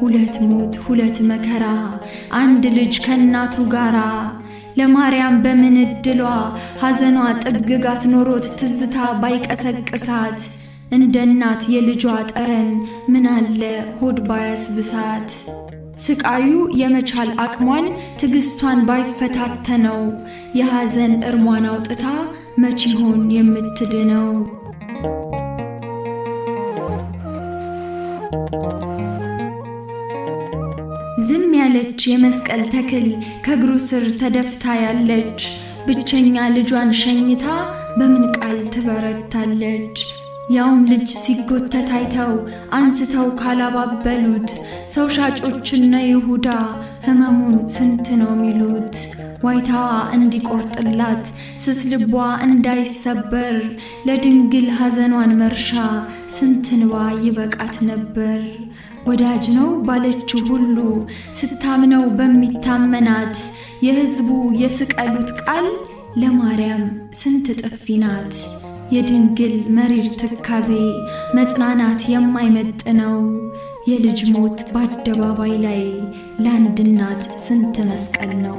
ሁለት ሞት ሁለት መከራ አንድ ልጅ ከእናቱ ጋራ ለማርያም በምን እድሏ ሐዘኗ ጥግጋት ኖሮት ትዝታ ባይቀሰቅሳት እንደ እናት የልጇ ጠረን ምን አለ ሆድ ባያስብሳት ስቃዩ የመቻል አቅሟን ትዕግሥቷን ባይፈታተነው የሐዘን እርሟን አውጥታ መች ይሆን የምትድነው? ዝም ያለች የመስቀል ተክል ከእግሩ ስር ተደፍታ ያለች ብቸኛ ልጇን ሸኝታ በምን ቃል ትበረታለች? ያውም ልጅ ሲጎተት አይተው አንስተው ካላባበሉት ሰው ሻጮችና ይሁዳ ህመሙን ስንት ነው ሚሉት? ዋይታዋ እንዲቆርጥላት ስስ ልቧ እንዳይሰበር ለድንግል ሐዘኗን መርሻ ስንት ይበቃት ነበር። ወዳጅ ነው ባለችው ሁሉ ስታምነው በሚታመናት የሕዝቡ የስቀሉት ቃል ለማርያም ስንት ጥፊ ናት። የድንግል መሪር ትካዜ መጽናናት የማይመጥነው የልጅ ሞት በአደባባይ ላይ ለአንድ እናት ስንት መስቀል ነው።